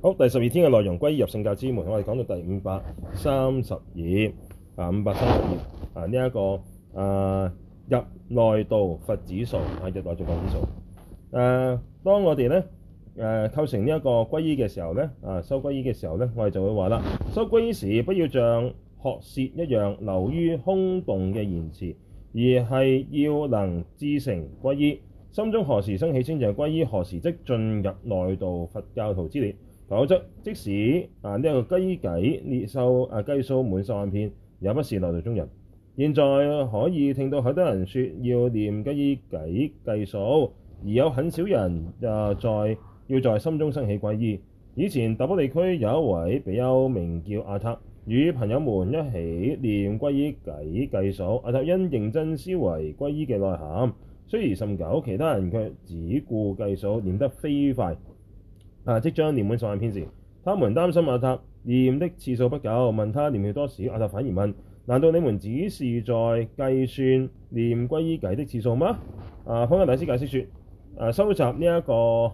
好，第十二天嘅內容歸依入聖教之門，我哋講到第五百三十二啊，五百三十二啊呢一、這個啊入內道佛子數，啊入內道佛教子數。誒、啊，當我哋咧誒構成呢一個歸依嘅時候咧，啊修歸依嘅時候咧，我哋就會話啦，修歸依時不要像學舌一樣流於空洞嘅言詞，而係要能至誠歸依，心中何時生起清淨歸依，何時即進入內道佛教徒之列。否則，即使啊個個皈依偈，列數啊計數滿十萬遍，也不是內道中人。現在可以聽到很多人說要念皈依偈計數，而有很少人啊在要在心中生起皈依。以前達波地區有一位比丘名叫阿塔，與朋友們一起念皈依偈計數。阿塔因認真思維皈依嘅內涵，雖然甚久，其他人卻只顧計數，念得飛快。啊！即將念滿十萬遍時，他們擔心阿塔念的次數不夠，問他念了多少。阿塔反而問：難道你們只是在計算念皈依偈的次數嗎？啊！帕繃喀大師解釋說：啊，修習呢一個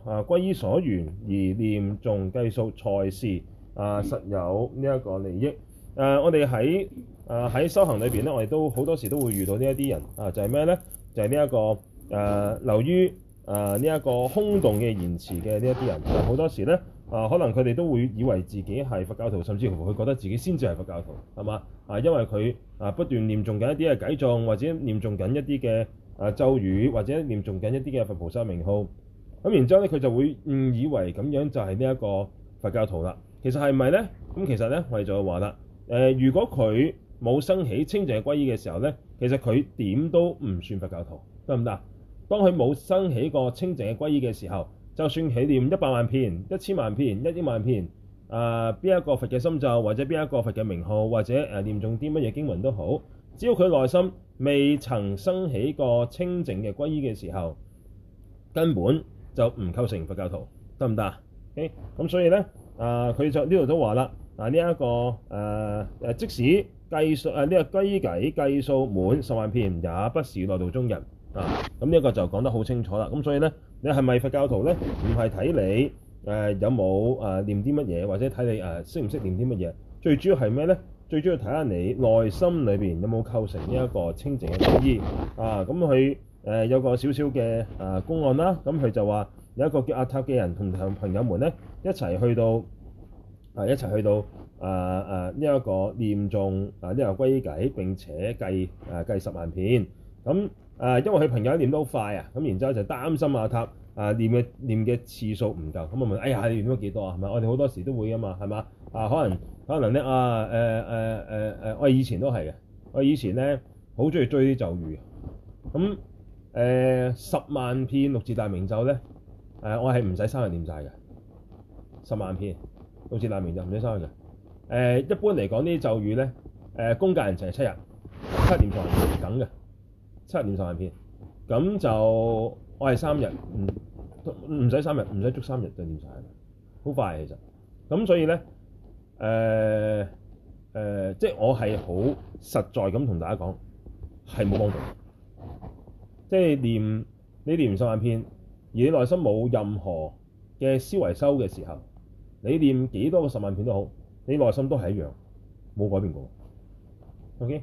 啊皈依所緣而念誦計數才是、啊實有呢一個利益。誒、啊，我哋喺誒喺修行裏邊咧，我哋都好多時都會遇到呢一啲人啊，就係咩咧？就係呢一個誒流、啊、於。誒、啊、呢一個空洞嘅言詞嘅呢一啲人，好多時呢，誒、啊、可能佢哋都會以為自己係佛教徒，甚至乎佢覺得自己先至係佛教徒，係嘛？啊，因為佢啊不斷念誦緊一啲嘅偈誦，或者念誦緊一啲嘅誒咒語，或者念誦緊一啲嘅佛菩薩名號，咁然之後呢，佢就會誤以為咁樣就係呢一個佛教徒啦。其實係咪呢？咁其實呢，我哋就話啦，誒、呃、如果佢冇生起清淨嘅皈依嘅時候呢，其實佢點都唔算佛教徒，得唔得？當佢冇生起過清淨嘅皈依嘅時候，就算起念一百萬遍、一千萬遍、一億萬遍，啊、呃、邊一個佛嘅心咒，或者邊一個佛嘅名號，或者誒、呃、念中啲乜嘢經文都好，只要佢內心未曾生起過清淨嘅皈依嘅時候，根本就唔構成佛教徒，得唔得啊？咁、okay? 所以呢，呃、他這裏說了啊，佢就呢度都話啦，嗱，呢一個誒誒、呃，即使計數誒呢個皈依偈計計數滿十萬遍，也不是內道中人。啊！咁呢一個就講得好清楚啦。咁所以咧，你係咪佛教徒咧？唔係睇你誒、呃、有冇誒、呃、念啲乜嘢，或者睇你誒、呃、識唔識念啲乜嘢。最主要係咩咧？最主要睇下你內心裏面有冇構成呢一個清淨嘅皈依。啊！咁佢誒有個少少嘅誒公案啦。咁佢就話有一個叫阿塔嘅人同同朋友們咧一齊去到啊一齊去到啊啊呢一、這個念誦啊呢、這個皈依偈並且計誒、啊、計十萬遍。咁、啊。誒、呃，因為佢朋友念得好快啊，咁然之後就擔心阿塔誒念嘅念嘅次數唔夠，咁我就問：哎呀，你念咗幾多啊？係咪？我哋好多時都會㗎嘛，係嘛、呃？啊，可能可能咧啊誒誒我以前都係嘅。我以前咧好中意追啲咒語，咁誒十萬遍六字大明咒咧，誒我係唔使三日念晒嘅，十萬遍六字大明咒唔使、呃、三日。嘅。誒、呃、一般嚟講，啲咒語咧、呃、公教人就係七日，七年唔等嘅。七日念十萬遍，咁就我係三日，唔唔使三日，唔使足三日就念曬，好快其實。咁所以咧，誒、呃、誒，即、呃、係、就是、我係好實在咁同大家講，係冇幫助的。即係念你念十萬遍，而你內心冇任何嘅思維修嘅時候，你念幾多個十萬遍都好，你內心都係一樣冇改變過。OK。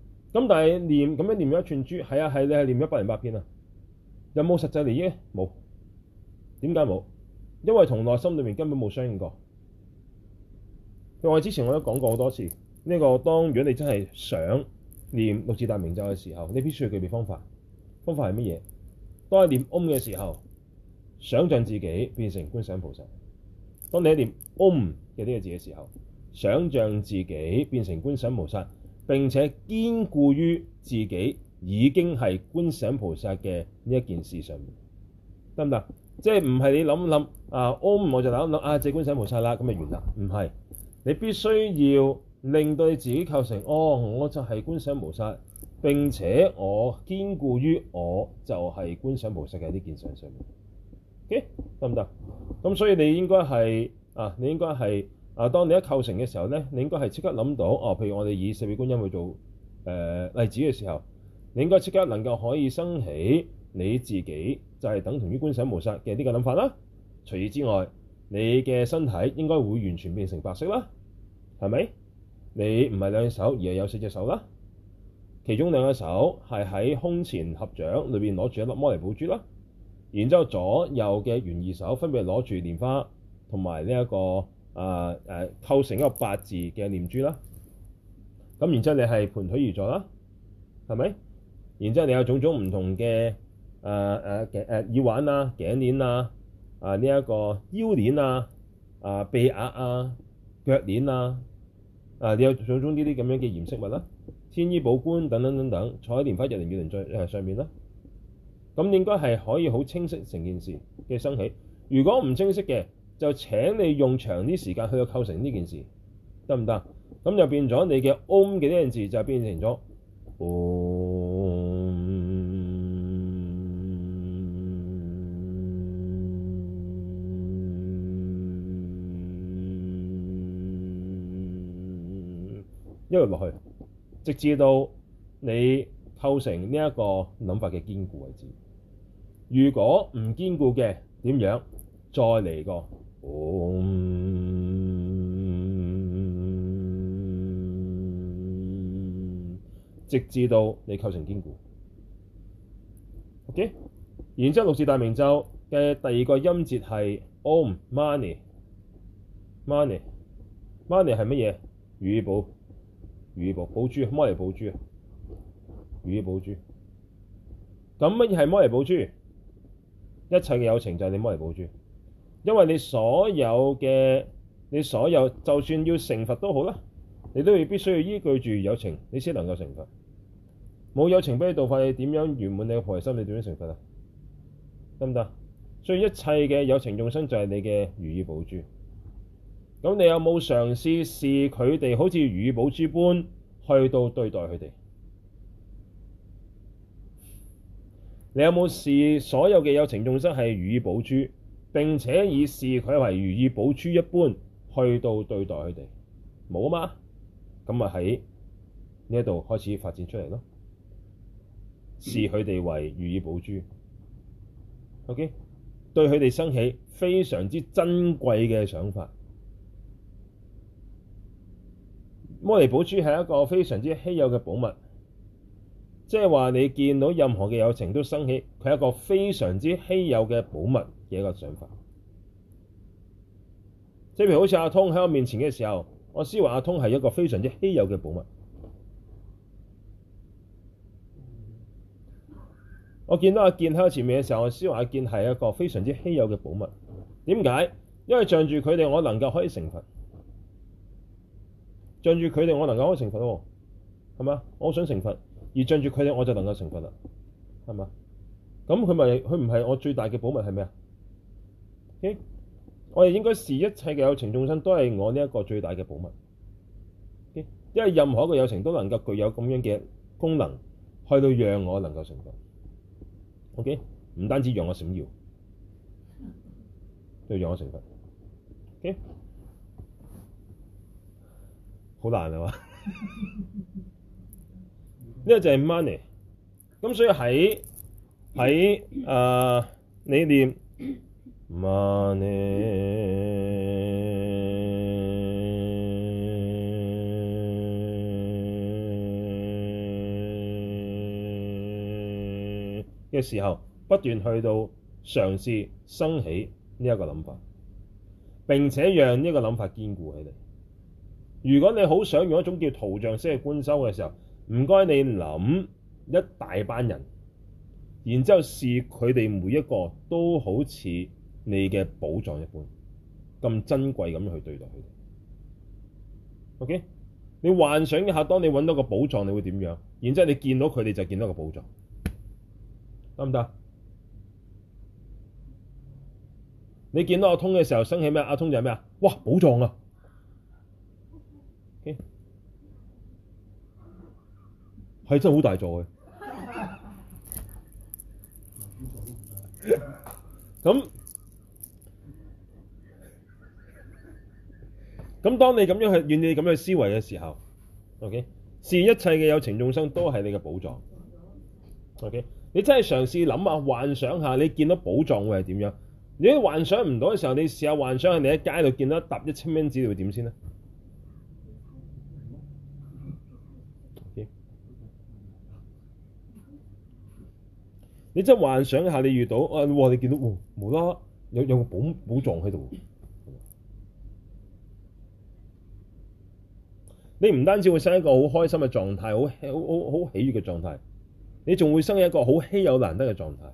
咁但係念咁樣念咗一串珠，係啊係，你係念一百零八遍啊？有冇實際利益？冇。點解冇？因為同內心裏面根本冇相應過。我之前我都講過好多次，呢個當如果你真係想念六字大明咒嘅時候，你必須要具備方法。方法係乜嘢？當你念「嗡」嘅時候，想像自己變成觀想菩薩。當你一念「嗡」嘅呢個字嘅時候，想像自己變成觀想菩薩。並且兼顧於自己已經係觀想菩薩嘅呢一件事上面，得唔得？即係唔係你諗諗啊，哦，我就諗諗啊，即觀想菩薩啦，咁就完啦？唔係，你必須要令到你自己構成，哦，我就係觀想菩薩，並且我兼顧於我就係、是、觀想菩薩嘅呢件事上面，O K，得唔得？咁所以你應該係啊，你應該係。嗱、啊，當你一構成嘅時候咧，你應該係即刻諗到哦。譬如我哋以四臂觀音去做誒例子嘅時候，你應該即刻、啊呃、刻能夠可以生起你自己就係等同於觀神無殺的這想無色嘅呢個諗法啦。除此之外，你嘅身體應該會完全變成白色啦，係咪？你唔係兩隻手，而係有四隻手啦。其中兩隻手係喺胸前合掌，裏邊攞住一粒摩尼寶珠啦。然之後左右嘅圓二手分別攞住蓮花同埋呢一個。啊誒、啊、構成一個八字嘅念珠啦，咁然之後你係盤腿而坐啦，係咪？然之後你有種種唔同嘅誒誒嘅誒耳環啊、頸鏈啦、啊、啊呢一、這個腰鏈啊、啊鼻鐲啊、腳鏈啊，啊你有種種呢啲咁樣嘅嚴飾物啦、啊、天衣寶冠等等等等，坐喺蓮花日輪月輪在上面啦、啊，咁應該係可以好清晰成件事嘅生起。如果唔清晰嘅，就請你用長啲時間去到構成呢件事，得唔得？咁就變咗你嘅嗡嘅呢陣字就變成咗哦、嗯嗯，一路落去，直至到你構成呢一個諗法嘅堅固位置。如果唔堅固嘅點樣？再嚟個。Om，直至到你構成堅固。OK，然之後六字大明咒嘅第二個音節係 Om Mani Mani Mani 係乜嘢？如意寶，如意寶寶珠，摩尼寶珠啊，如意寶珠。咁乜嘢係摩尼寶珠？一切嘅有情就係你摩尼寶珠。因為你所有嘅，你所有就算要成佛都好啦，你都要必須要依據住有情，你先能夠成佛。冇有情俾你道法，你點樣圓滿你嘅菩提心？你點樣成佛啊？得唔得？所以一切嘅有情眾生就係你嘅如意寶珠。咁你有冇嘗試試佢哋好似如意寶珠般去到對待佢哋？你有冇試所有嘅有情眾生係如意寶珠？並且以視佢為如意寶珠一般去到對待佢哋，冇啊嘛？咁咪喺呢度開始發展出嚟咯，視佢哋為如意寶珠。OK，對佢哋生起非常之珍貴嘅想法。摩尼寶珠係一個非常之稀有嘅寶物。即係話，你見到任何嘅有情都生起，佢係一個非常之稀有嘅寶物嘅一個想法。即係譬如好似阿通喺我面前嘅時候，我思話阿通係一個非常之稀有嘅寶物。我見到阿健喺我前面嘅時候，我思話阿健係一個非常之稀有嘅寶物。點解？因為仗住佢哋，我能夠可以成佛。仗住佢哋，我能夠可以成佛，係咪？我想成佛。而仗住佢哋，我就能夠成佛啦，係嘛？咁佢咪佢唔係我最大嘅寶物係咩啊？O K，我哋應該視一切嘅有情眾生都係我呢一個最大嘅寶物。O、okay? K，因為任何一個有情都能夠具有咁樣嘅功能，去到讓我能夠成佛。O K，唔單止讓我閃耀，都讓我成佛。O K，好難啊嘛～ 呢個就係 money，咁所以喺喺、呃、你念 money 嘅時候，不斷去到嘗試生起呢一個諗法，並且讓呢個諗法堅固起嚟。如果你好想用一種叫圖像式嘅觀修嘅時候，唔該，你諗一大班人，然之後視佢哋每一個都好似你嘅寶藏一般，咁珍貴咁樣去對待佢哋。OK，你幻想一下，當你揾到個寶藏，你會點樣？然之後你見到佢哋就見到個寶藏，得唔得？你見到阿通嘅時候，升起咩？阿通就係咩啊？哇，寶藏啊！OK。係真係好大座嘅，咁咁，當你咁樣去，願你咁樣去思維嘅時候，OK，視一切嘅有情眾生都係你嘅寶藏。OK，你真係嘗試諗下、幻想下，你見到寶藏會係點樣？如果你幻想唔到嘅時候，你試下幻想下，你喺街度見到疊一千蚊紙，你會點先咧？你真幻想下，你遇到、啊、你見到喎，冇啦，有有個寶，寶藏喺度。你唔單止會生一個好開心嘅狀態，好好好喜悅嘅狀態，你仲會生一個好稀有難得嘅狀態。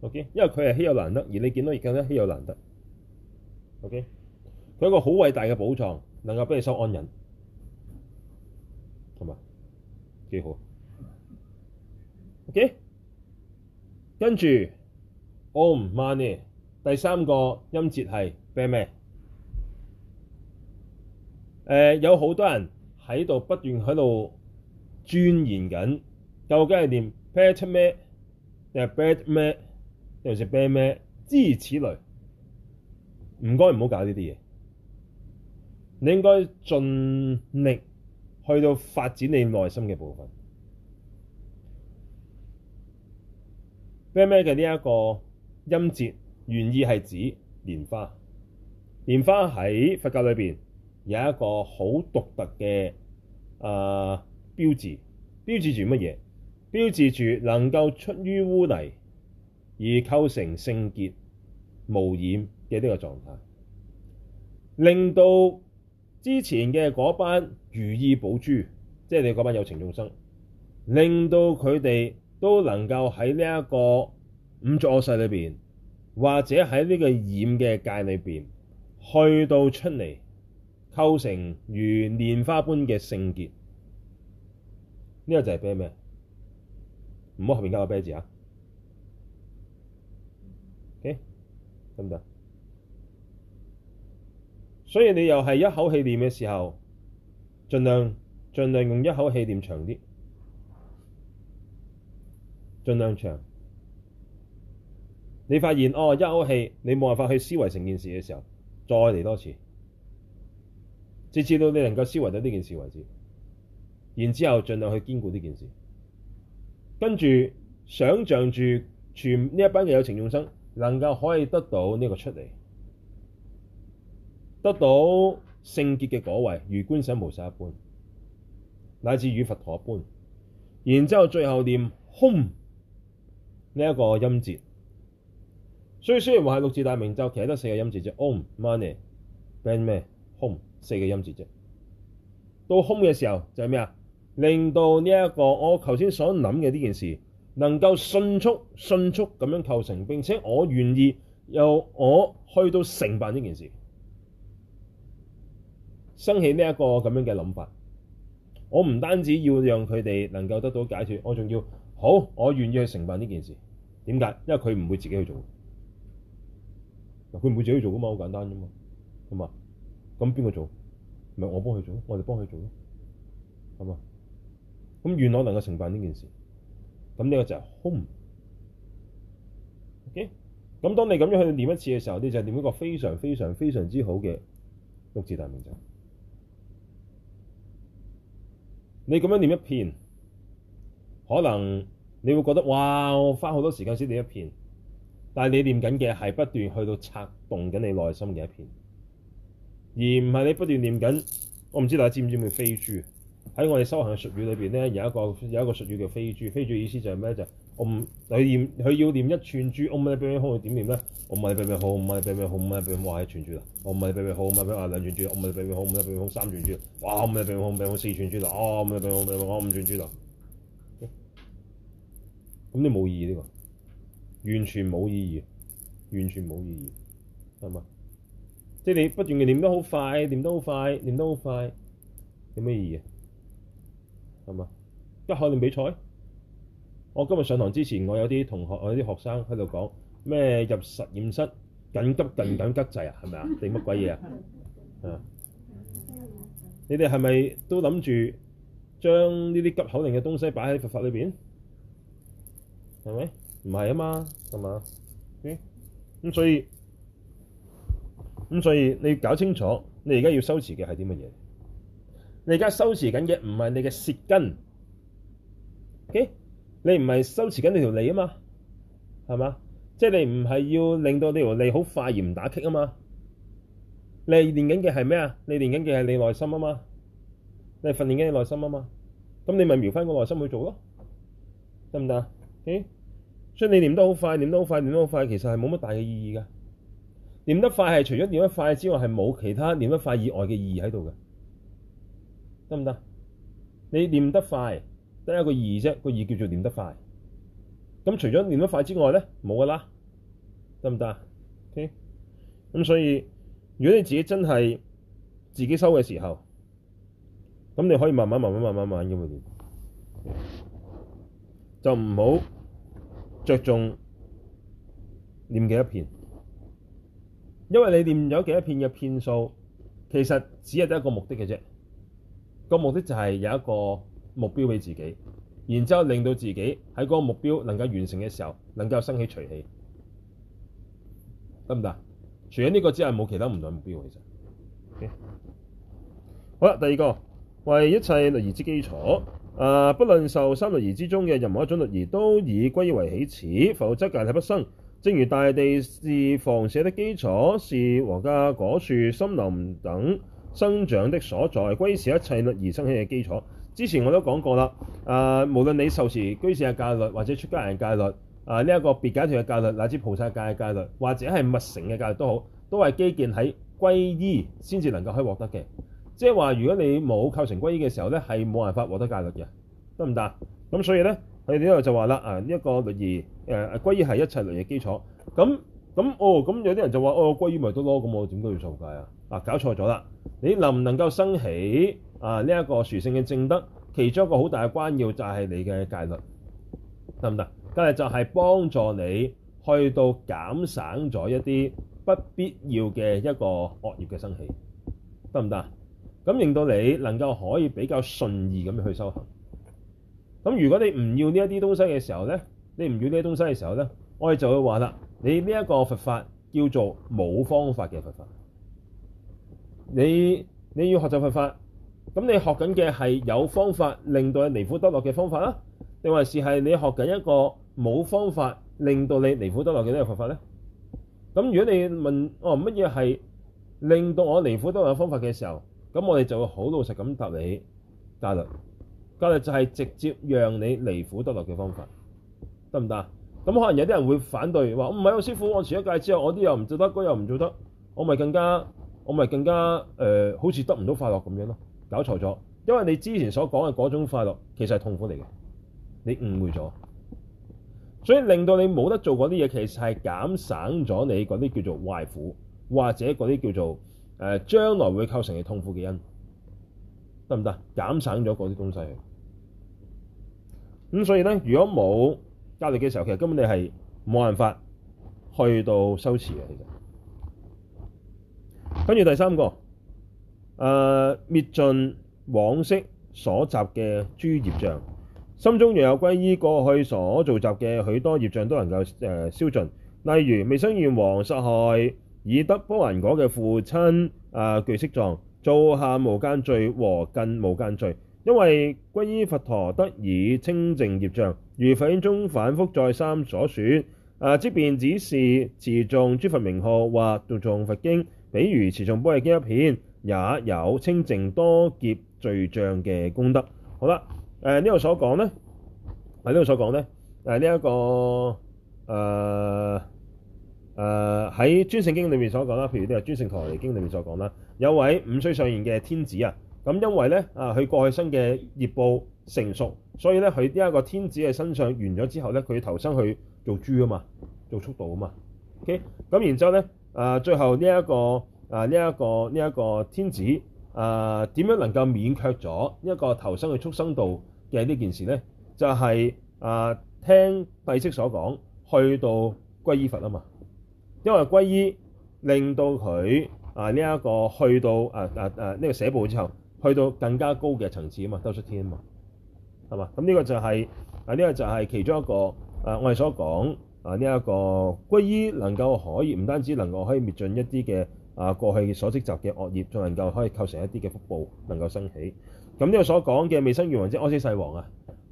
OK，因為佢係稀有難得，而你見到而家呢稀有難得。OK，佢係一個好偉大嘅寶藏，能夠俾你收安忍，係咪幾好，好？OK。跟住 oh money，第三個音節係 bad 咩？誒、呃、有好多人喺度不斷喺度鑽研緊，究竟係念 bad 咩？定係 bad 咩？定又是 bad 咩？之如此類，唔該唔好搞呢啲嘢。你應該盡力去到發展你內心嘅部分。咩咩嘅呢一個音節，原意係指蓮花。蓮花喺佛教裏面有一個好獨特嘅啊標誌，標誌住乜嘢？標誌住能夠出於污泥而構成聖潔無染嘅呢個狀態，令到之前嘅嗰班如意寶珠，即係你嗰班有情眾生，令到佢哋。都能夠喺呢一個五座世裏邊，或者喺呢個染嘅界裏邊，去到出嚟構成如蓮花般嘅聖潔。呢個就係咩咩？唔好後面加個啤字啊！OK，得唔得？所以你又係一口氣念嘅時候，盡量盡量用一口氣念長啲。盡量長。你發現哦，一口氣你冇辦法去思維成件事嘅時候，再嚟多次，直至到你能夠思維到呢件事為止。然之後盡量去堅固呢件事，跟住想象住全呢一班嘅有情眾生能夠可以得到呢個出嚟，得到聖潔嘅果位，如觀想無色一般，乃至與佛陀一般。然之後最後念空。呢、這、一個音節，所以雖然話係六字大明咒，其實得四個音節啫，Om Mani Padme Hum 四個音節啫。到 Hum 嘅時候就係咩啊？令到呢一個我頭先所諗嘅呢件事能夠迅速、迅速咁樣構成，並且我願意由我去到承辦呢件事，生起呢一個咁樣嘅諗法。我唔單止要讓佢哋能夠得到解決，我仲要好，我願意去承辦呢件事。點解？因為佢唔會自己去做，嗱佢唔會自己去做噶嘛，好簡單啫嘛，係嘛？咁邊個做？咪我幫佢做咯，我哋幫佢做咯，係嘛？咁願我能夠承辦呢件事，咁呢個就係 home。O K，咁當你咁樣去念一次嘅時候，你就念一個非常非常非常之好嘅六字大明咒。你咁樣念一遍，可能。你會覺得哇！我花好多時間先念一片，但係你念緊嘅係不斷去到策動緊你內心嘅一片，而唔係你不斷念緊。我唔知大家知唔知咩飛珠？喺我哋修行嘅術語裏邊咧，有一個有一個術語叫飛珠。飛珠嘅意思就係咩？就係我唔佢念佢要念一串珠，我咪俾俾號，點念咧？我咪俾俾號，我咪俾俾號，我咪俾哇一串珠啦，我我咪俾俾號，我咪俾啊兩串珠，我咪俾俾號，我咪俾號三串珠，哇我咪俾號俾號四串珠啦，我咪俾號俾號五串珠啦。咁你冇意義呢個，完全冇意義，完全冇意義，係嘛？即係、就是、你不斷嘅念得好快，念得好快，念得好快，有咩意義啊？係嘛？急口令比賽，我今日上堂之前，我有啲同學，我有啲學生喺度講咩入實驗室緊急定緊，緊急制啊？係咪啊？定乜鬼嘢啊？嗯，你哋係咪都諗住將呢啲急口令嘅東西擺喺佛法裏邊？係咪？唔係啊嘛，係嘛？咦？咁所以，咁所以你要搞清楚你要，你而家要修持嘅係啲乜嘢？你而家修持緊嘅唔係你嘅舌根，咦、okay？你唔係修持緊你條脷啊嘛，係嘛？即係，你唔係要令到呢條脷好快而唔打擊啊嘛？你練緊嘅係咩啊？你練緊嘅係你內心啊嘛？你訓練緊你內心啊嘛？咁你咪描翻個內心去做咯，得唔得？咦？Okay? 所以你念得好快，念得好快，念得好快，其實係冇乜大嘅意義㗎。念得快係除咗念得快之外，係冇其他念得快以外嘅意義喺度嘅，得唔得？你念得快得一個意義啫，個意義叫做念得快。咁除咗念得快之外咧，冇㗎啦，得唔得？OK。咁所以如果你自己真係自己修嘅時候，咁你可以慢慢、慢慢、慢慢、慢咁去唸，就唔好，着重念幾多遍，因為你念咗幾多遍嘅片數，其實只係得一個目的嘅啫。個目的就係有一個目標俾自己，然之後令到自己喺嗰個目標能夠完成嘅時候，能夠生起除氣，得唔得？除咗呢個之外，冇其他唔同嘅目標其實。OK? 好啦，第二個為一切律儀之基礎。誒、啊，不論受三律儀之中嘅任何一種律儀，都以皈依為起始，否則戒體不生。正如大地是房舍的基礎，是禾稼、果樹、森林等生長的所在，皈依是一切律儀生起嘅基礎。之前我都講過啦，誒、啊，無論你受持居士嘅戒律，或者出家人嘅戒律，誒呢一個別解脫嘅戒律，乃至菩薩戒嘅戒律，或者係密乘嘅戒律都好，都係基建喺皈依先至能夠可以獲得嘅。即係話，如果你冇構成歸依嘅時候咧，係冇辦法獲得戒律嘅，得唔得？咁所以咧，佢哋呢度就話啦，啊呢一個律儀誒歸依係、呃、一切律嘅基礎。咁咁哦，咁有啲人就話哦，歸依咪都咯，咁我點都要受戒啊？搞錯咗啦！你能唔能夠生起啊呢一個殊性嘅正德，其中一個好大嘅關要就係你嘅戒律，得唔得？戒律就係幫助你去到減省咗一啲不必要嘅一個惡業嘅生起，得唔得？咁令到你能夠可以比較順意咁樣去修行。咁如果你唔要呢一啲東西嘅時候呢，你唔要呢啲東西嘅時候呢，我哋就會話啦，你呢一個佛法叫做冇方法嘅佛法你。你你要學習佛法，咁你學緊嘅係有方法令到你離苦得樂嘅方法啦，定還是係你學緊一個冇方法令到你離苦得樂嘅呢個佛法呢？咁如果你問我乜嘢係令到我離苦得樂嘅方法嘅時候，咁我哋就會好老實咁答你，戒律，戒律就係直接讓你離苦得樂嘅方法，得唔得啊？咁可能有啲人會反對，話唔係，我師傅，我持一戒之後，我啲又唔做得，我又唔做得，我咪更加，我咪更加誒、呃，好似得唔到快樂咁樣咯，搞錯咗。因為你之前所講嘅嗰種快樂，其實係痛苦嚟嘅，你誤會咗。所以令到你冇得做嗰啲嘢，其實係減省咗你嗰啲叫做壞苦，或者嗰啲叫做。誒將來會構成嘅痛苦嘅因，得唔得？減省咗嗰啲東西，咁、嗯、所以咧，如果冇壓力嘅時候，其實根本你係冇辦法去到修持嘅。其實，跟住第三個，誒滅盡往昔所集嘅諸業障，心中若有歸依，過去所造集嘅許多業障都能夠、呃、消盡，例如未生怨王弒害，已得不還果嘅父親，啊具色藏，造下無間罪和近無間罪，因為皈依佛陀得以清淨業障。如佛經中反覆再三所説，啊即便只是持誦諸佛名號或讀誦佛經，比如持誦《般若經》一遍，也有清淨多劫罪障嘅功德。好啦，誒呢度所講呢，喺呢度所講呢，誒呢一個，誒、呃。誒喺尊勝經裏面所講啦，譬如呢個《尊勝陀羅尼經》裏面所講啦，有位五衰相現嘅天子啊。咁因為咧啊，佢過去生嘅業報成熟，所以咧佢呢一個天子嘅身上完咗之後咧，佢投生去做豬啊嘛，做畜道啊嘛。OK，咁然之後咧誒、啊，最後呢、這、一個誒呢一個呢一、這個天子誒點、啊、樣能夠免卻咗呢一個投身去生去畜生道嘅呢件事咧，就係、是、誒、啊、聽帝釋所講去到歸依佛啊嘛。因為歸依令到佢啊呢一、這個去到啊啊啊呢、這個社部之後，去到更加高嘅層次啊嘛，登出天啊嘛，係嘛？咁、嗯、呢、這個就係、是、啊呢、這個就係其中一個啊我哋所講啊呢一、這個歸依能夠可以唔單止能夠可以滅盡一啲嘅啊過去所積集嘅惡業，仲能夠可以構成一啲嘅福報，能夠升起。咁、嗯、呢、這個所講嘅未生怨王即阿闍世王啊，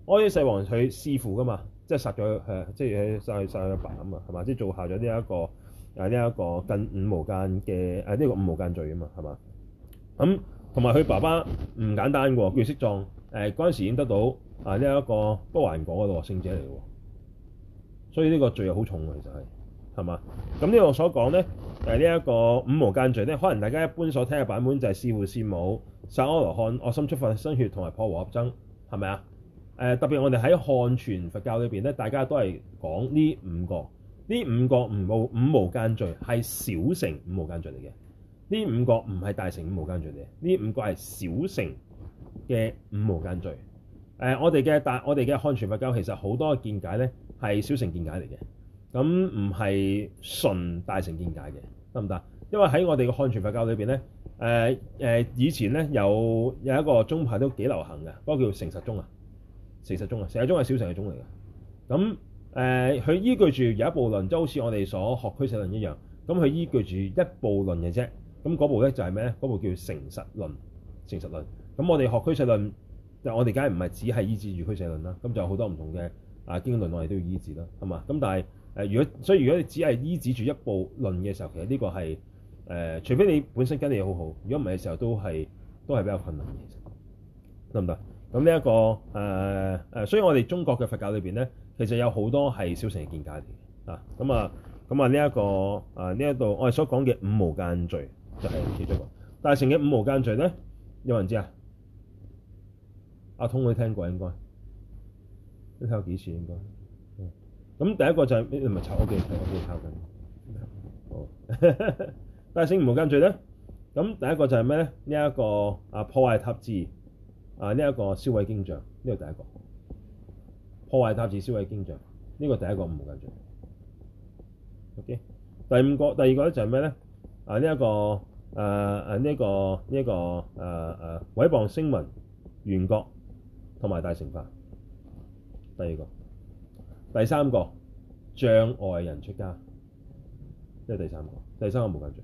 阿闍世王佢弒父㗎嘛，即係殺咗誒，即係殺去殺去阿爸啊嘛，係嘛？即係做下咗呢一個。係呢一個近五無間嘅，誒、這、呢個五無間、啊這個、罪啊嘛，係嘛？咁同埋佢爸爸唔簡單喎，叫具色藏誒嗰陣已經得到，啊呢一、這個不還果講嘅喎，聖者嚟嘅喎，所以呢個罪又好重嘅，其實係係嘛？咁、嗯、呢、這個所講咧，誒呢一個五無間罪咧，可能大家一般所聽嘅版本就係殺父殺母殺阿羅漢，惡心出佛身血同埋破和合僧，係咪啊？誒、呃、特別我哋喺漢傳佛教裏面咧，大家都係講呢五個。呢五個五無五無間罪係小乘五無間罪嚟嘅，呢五個唔係大乘五無間罪嚟嘅，呢五個係小乘嘅五無間罪。誒、呃，我哋嘅大我哋嘅漢傳佛教其實好多嘅見解咧係小乘見解嚟嘅，咁唔係純大乘見解嘅，得唔得？因為喺我哋嘅漢傳佛教裏邊咧，誒、呃、誒、呃、以前咧有有一個宗派都幾流行嘅，嗰、那個叫成實宗啊，成實宗啊，成實宗係小乘嘅宗嚟嘅，咁。誒、呃，佢依據住有一部論，就好似我哋所學俱舍論一樣。咁佢依據住一部論嘅啫。咁嗰部咧就係咩咧？嗰部叫成實論。成實論。咁我哋學俱舍論，但我哋梗係唔係只係依止住俱舍論啦。咁就有好多唔同嘅啊經論，我哋都要依止啦，係嘛？咁但係、呃、如果所以如果你只係依止住一部論嘅時候，其實呢個係、呃、除非你本身根底好好，如果唔係嘅時候都，都係都比較困難嘅。其實得唔得？咁呢一個誒、呃、所以我哋中國嘅佛教裏面咧。其實有好多係小乘嘅見解嚟啊，咁、這個、啊，咁啊呢一個啊呢一度我哋所講嘅五無間罪就係、是、其中一個，大乘嘅五無間罪咧有人知啊？阿通會聽過應該，你睇過幾次應該？咁、嗯、第一個就係、是、 呢，唔係炒我嘅，我嘅抄緊。哦，大乘五無間罪咧，咁第一個就係咩咧？呢、這、一個啊破壞塔寺，啊呢一、這個燒毀經像，呢個第一個。破壞塔寺，燒毀經像，呢個第一個五無間罪。OK，第五個、第二個咧就係咩咧？啊，呢、這、一個、誒誒呢一個、呢一個誒誒毀謗聲聞、緣覺同埋大乘法。第二個，第三個障礙人出家，即係第三個。第三個無間罪，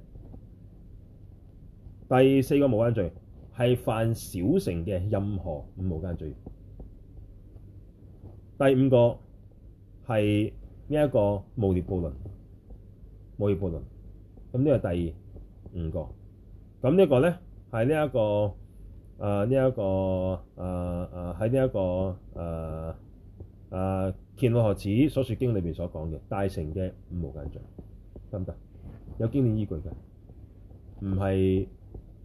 第四個無間罪係犯小乘嘅任何五無間罪。第五個係呢一個冒劣暴論，冒劣暴論，咁呢個第五個，咁、這個這個這個、呢是、這個咧係呢一個啊呢一個啊啊喺呢一個啊啊《權律學指》所説經裏邊所講嘅大成嘅五無間罪，得唔得？有經典依據嘅，唔係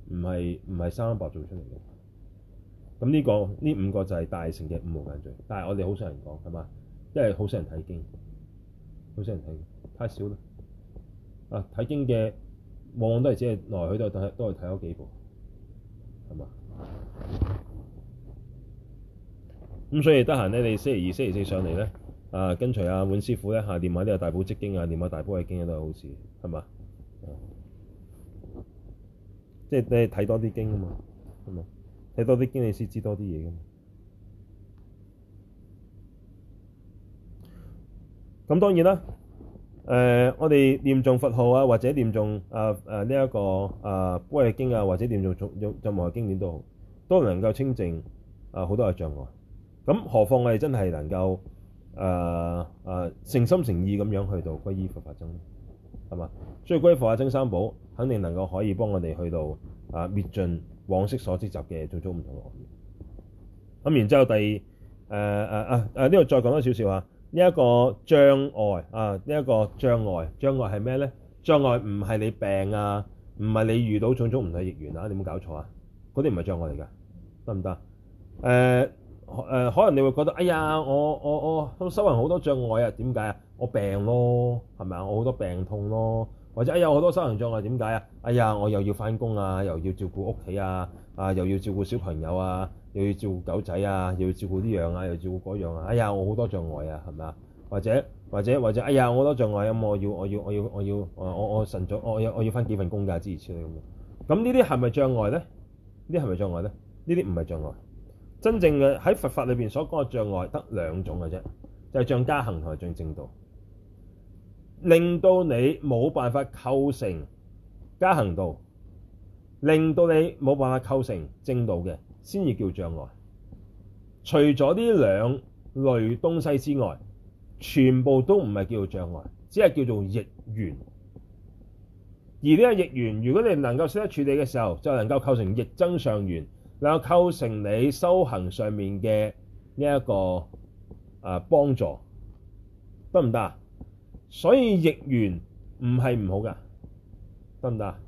唔係唔係三文做出嚟嘅。咁、這、呢個呢五個就係大成嘅五無間罪，但係我哋好少人講，係嘛？因為好少人睇經，好少人睇，太少啦。啊，睇經嘅往往都係只係來去都係睇，咗幾部，係嘛？咁所以得閒呢，你星期二、星期四上嚟咧，啊，跟隨阿滿師傅咧，下、啊、念下啲《大寶積經》啊，念下《啊、念大般若經》都係好事，係、就是、嘛？即係睇多啲經啊嘛，係嘛？睇多啲經，理師知多啲嘢嘅。咁當然啦，誒、呃、我哋念誦佛號啊，或者念誦啊啊呢一個啊般若經啊，或者念誦任何無量經典都好，都能夠清淨啊好、呃、多嘅障礙。咁何況我哋真係能夠誒誒、呃呃、誠心誠意咁樣去到皈依佛法僧，係嘛？所以皈依佛法僧三寶，肯定能夠可以幫我哋去到啊、呃、滅盡。往昔所積集嘅種種唔同嘅外緣，咁然之後第二，誒啊誒，呢度再講多少少啊！呢、啊啊啊啊、一,一個障礙啊，呢一個障礙，障礙係咩咧？障礙唔係你病啊，唔係你遇到種種唔同逆緣啊，你冇搞錯啊！嗰啲唔係障礙嚟㗎，得唔得？誒、呃、誒、啊，可能你會覺得，哎呀，我我我，我，我收人好多障礙啊？點解啊？我病咯，係咪啊？我好多病痛咯。或者，哎呀我有好多修行障礙，點解啊？哎呀我又要翻工啊，又要照顧屋企啊，啊又要照顧小朋友啊，又要照顧狗仔啊，又要照顧啲樣啊，又要照顧嗰樣啊，樣啊，哎呀我好多障礙啊，係咪啊？或者或者或者哎呀我好多障礙咁，我要我要我要我要我我我神助我，我，我，我，我，我，我要我要翻幾份工㗎，之如此類之類咁。咁呢啲係咪障礙咧？呢啲係咪障礙咧？呢啲唔係障礙。真正嘅喺佛法裏邊所講嘅障礙得兩種嘅啫，就係障加行同埋障正道。令到你冇辦法構成加行道，令到你冇辦法構成正道嘅，先至叫障礙。除咗呢兩類東西之外，全部都唔係叫做障礙，只係叫做逆緣。而呢個逆緣，如果你能夠識得處理嘅時候，就能夠構成逆增上緣，能夠構成你修行上面嘅呢一個誒幫助，得唔得？所以逆緣唔係唔好噶，得唔得啊？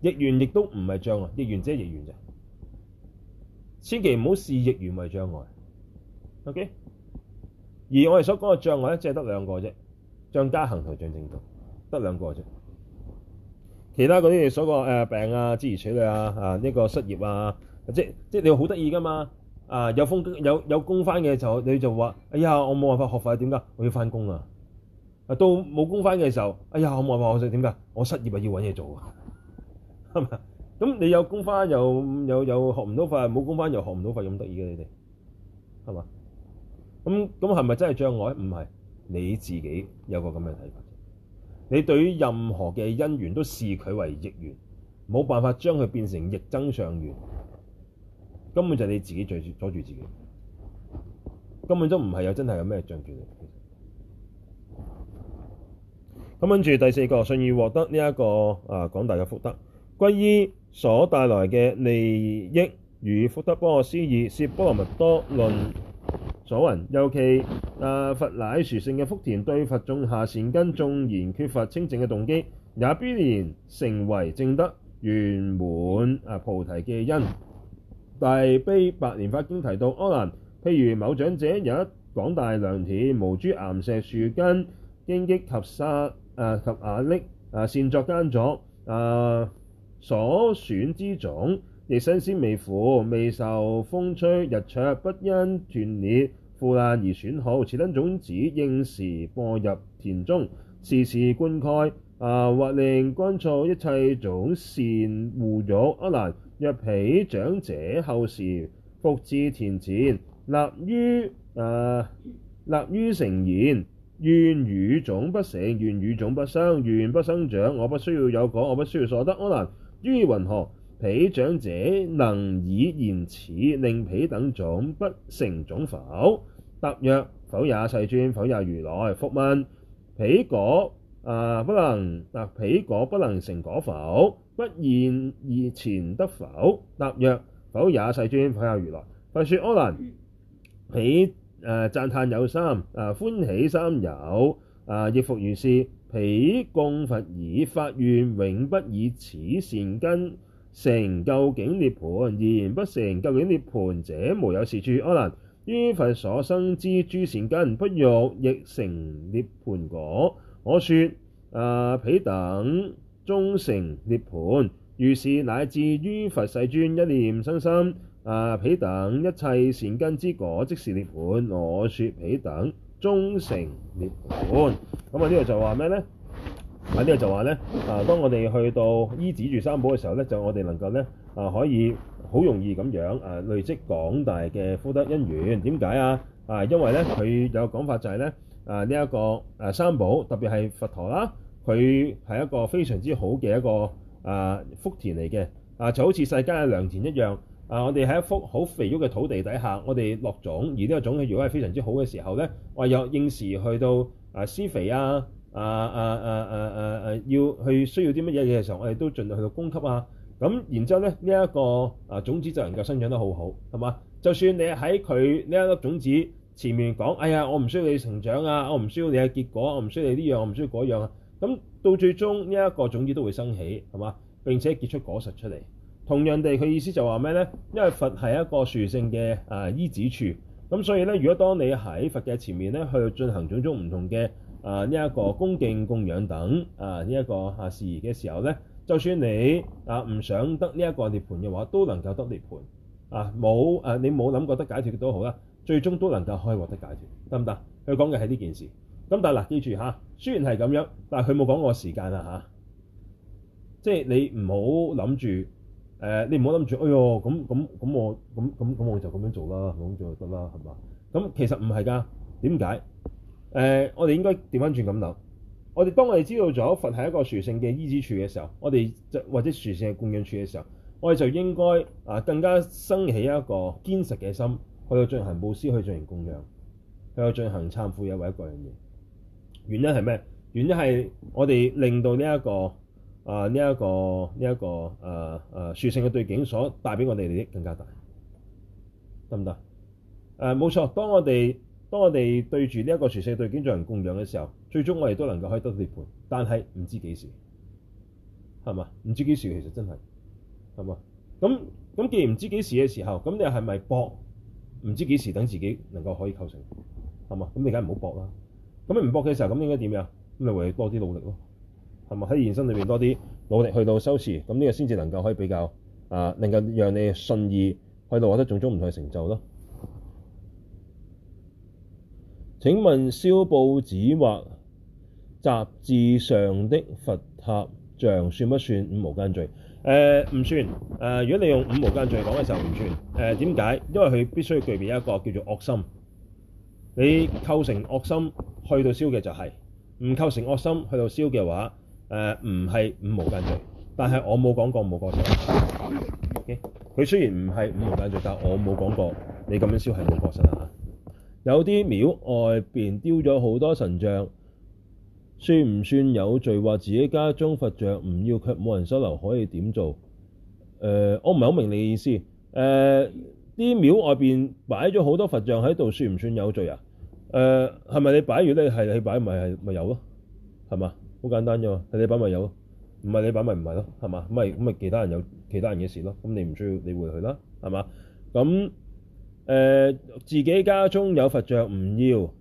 逆緣亦都唔係障礙，逆緣只係逆緣啫。千祈唔好視逆緣為障礙。O.K. 而我哋所講嘅障礙咧，即係得兩個啫：障加行同障正道，得兩個啫。其他嗰啲所講病啊、支持處理啊、啊呢個失業啊，即即係你好得意噶嘛？啊有，風有，有工有有工返嘅時候你就話：哎呀，我冇辦法學法，點解我要返工啊？啊，到冇工翻嘅時候，哎呀，我咪話我點解我失業啊，要搵嘢做啊，係咪？咁你有工翻又又又學唔到法，冇工翻又學唔到法，咁得意嘅你哋，係嘛？咁咁係咪真係障礙？唔係，你自己有個咁嘅睇法。你對於任何嘅因緣都視佢為逆緣，冇辦法將佢變成逆增上緣，根本就你自己最阻住阻住自己，根本都唔係有真係有咩障住你。咁跟住第四個，順意獲得呢、這、一個啊廣大嘅福德，歸依所帶來嘅利益與福德，不可思議，攝波羅蜜多論所云。尤其啊佛乃殊勝嘅福田，對佛種下善根，縱然缺乏清淨嘅動機，也必然成為證得圓滿啊菩提嘅因。大悲白蓮華經提到，阿難，譬如某長者有一日廣大良田，無諸岩石樹根、，荊棘及沙。啊、呃、及瓦礫啊、呃、善作耕作啊、呃、所選之種亦新鮮未腐，未受風吹日灼，不因斷裂腐爛而損耗。此等種子應時播入田中，時時灌溉啊、呃、或令乾燥，一切種善護玉。阿難，若彼長者後時復至田前，前立於啊、呃、立於塍言。願汝種不成，願汝種不生，願不生長。我不需要有果，我不需要所得。阿難，於云何，彼長者能以言辭，令彼等種不成種否？答曰：否也，世尊。否也，如來。復問：彼果啊、呃、不能啊？彼果不能成果否？不現而前得否？答曰：否也，世尊。否也，如來。佛說：阿難，彼誒、呃、讚歎三有，誒、呃、歡喜三有，誒亦復如是。彼供佛已，發願永不以此善根成究竟涅槃，然不成究竟涅槃者，無有是處。阿難，於佛所生之諸善根，不欲亦成涅槃果，我説誒彼等終成涅槃，如是乃至於佛世尊一念心生。啊！彼等一切善根之果，即是涅槃。我說彼等終成涅槃。咁啊，呢度就話咩咧？啊，呢度、啊、就話咧，啊，當我哋去到依止住三寶嘅時候咧，就我哋能夠咧啊，可以好容易咁樣啊，累積廣大嘅福德因緣。點解啊？啊，因為咧，佢有講法就係、是、咧，啊，呢、這、一個三寶，特別係佛陀啦，佢係一個非常之好嘅一個啊福田嚟嘅，啊就好似世間嘅良田一樣。啊！我哋喺一幅好肥沃嘅土地底下，我哋落種。而呢個種，如果係非常之好嘅時候咧，我有應時去到啊施肥啊啊啊啊啊要去需要啲乜嘢嘅時候，我哋都盡量去到供給啊。咁然之後咧，呢一個啊種子就能夠生長得好好，係嘛？就算你喺佢呢一粒種子前面講，哎呀，我唔需要你成長啊，我唔需要你嘅結果，我唔需要你呢樣，我唔需要嗰樣啊。咁到最終呢一個種子都會生起，係嘛？並且結出果實出嚟。同樣地，佢意思就話咩咧？因為佛係一個殊勝嘅啊依止處，咁所以咧，如果當你喺佛嘅前面咧去進行種種唔同嘅啊呢一個恭敬供養等啊呢一個事宜嘅時候咧，就算你啊唔想得呢一個涅槃嘅話，都能夠得涅槃啊冇、啊、你冇諗過得解脫都好啦，最終都能夠可以獲得解脫，得唔得？佢講嘅係呢件事。咁但係嗱，記住嚇、啊，雖然係咁樣，但係佢冇講個時間啦吓，即、啊、係、就是、你唔好諗住。誒、呃，你唔好諗住，哎喲，咁咁咁我，咁咁咁我就咁樣做啦，咁做就得啦，係嘛？咁其實唔係㗎，點解？誒、呃，我哋應該點翻轉咁諗，我哋當我哋知道咗佛係一個殊勝嘅依止處嘅時候，我哋就或者殊勝嘅供養處嘅時候，我哋就應該啊更加生起一個堅實嘅心，去到進行佈施，去進行供養，去到進行參富嘢或者供養嘢。原因係咩？原因係我哋令到呢、這、一個。啊！呢一個呢一個誒誒殊勝嘅對境，所帶俾我哋利益更加大，得唔得？誒冇錯，當我哋當我哋對住呢一個殊勝對境進行供養嘅時候，最終我哋都能夠可以得到涅槃，但係唔知幾時，係嘛？唔知幾時其實真係，係嘛？咁咁既然唔知幾時嘅時候，咁你又係咪搏唔知幾時等自己能夠可以構成？係嘛？咁你梗係唔好搏啦。咁你唔搏嘅時候，咁應該點樣？咁你唯有多啲努力咯。同埋喺現身裏邊多啲努力去到修持，咁呢個先至能夠可以比較啊，能夠讓你順意去到獲得種種唔同嘅成就咯。請問燒報紙或雜誌上的佛塔像算不算五無間罪？誒、呃，唔算誒、呃。如果你用五無間罪講嘅時候唔算誒，點、呃、解？因為佢必須具備一個叫做惡心，你構成惡心去到燒嘅就係、是、唔構成惡心去到燒嘅話。誒、呃，唔係五無間罪，但係我冇講過冇過失。佢、okay? 雖然唔係五無間罪，但我冇講過你咁樣燒係冇過失啊！有啲廟外邊丟咗好多神像，算唔算有罪？話自己家中佛像唔要卻冇人收留，可以點做？誒、呃，我唔係好明你意思。誒、呃，啲廟外邊擺咗好多佛像喺度，算唔算有罪啊？誒、呃，係咪你擺完你係你擺咪係咪有咯？係嘛？好簡單啫喎，你你擺咪有，唔係你擺咪唔係咯，係嘛？咁咪咁咪其他人有其他人嘅事咯，咁你唔需要你回佢啦，係嘛？咁誒、呃、自己家中有佛像唔要，